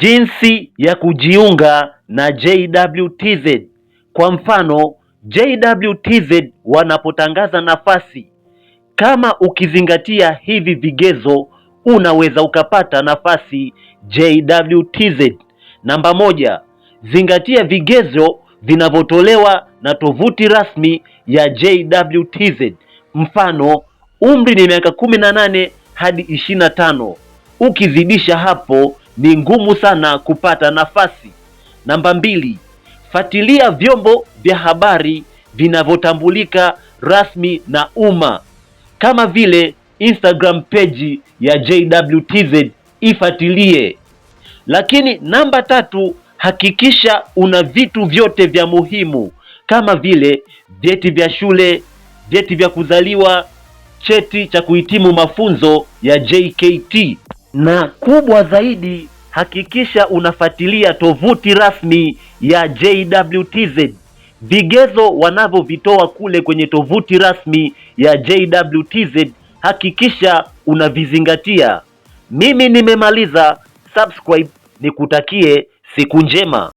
Jinsi ya kujiunga na JWTZ. Kwa mfano, JWTZ wanapotangaza nafasi, kama ukizingatia hivi vigezo, unaweza ukapata nafasi JWTZ. Namba moja, zingatia vigezo vinavyotolewa na tovuti rasmi ya JWTZ. Mfano, umri ni miaka 18 hadi 25. Ukizidisha hapo ni ngumu sana kupata nafasi. Namba mbili, fuatilia vyombo vya habari vinavyotambulika rasmi na umma kama vile Instagram page ya JWTZ ifuatilie. Lakini namba tatu, hakikisha una vitu vyote vya muhimu kama vile vyeti vya shule, vyeti vya kuzaliwa, cheti cha kuhitimu mafunzo ya JKT na kubwa zaidi, hakikisha unafuatilia tovuti rasmi ya JWTZ. Vigezo wanavyovitoa kule kwenye tovuti rasmi ya JWTZ, hakikisha unavizingatia. Mimi nimemaliza. Subscribe, nikutakie siku njema.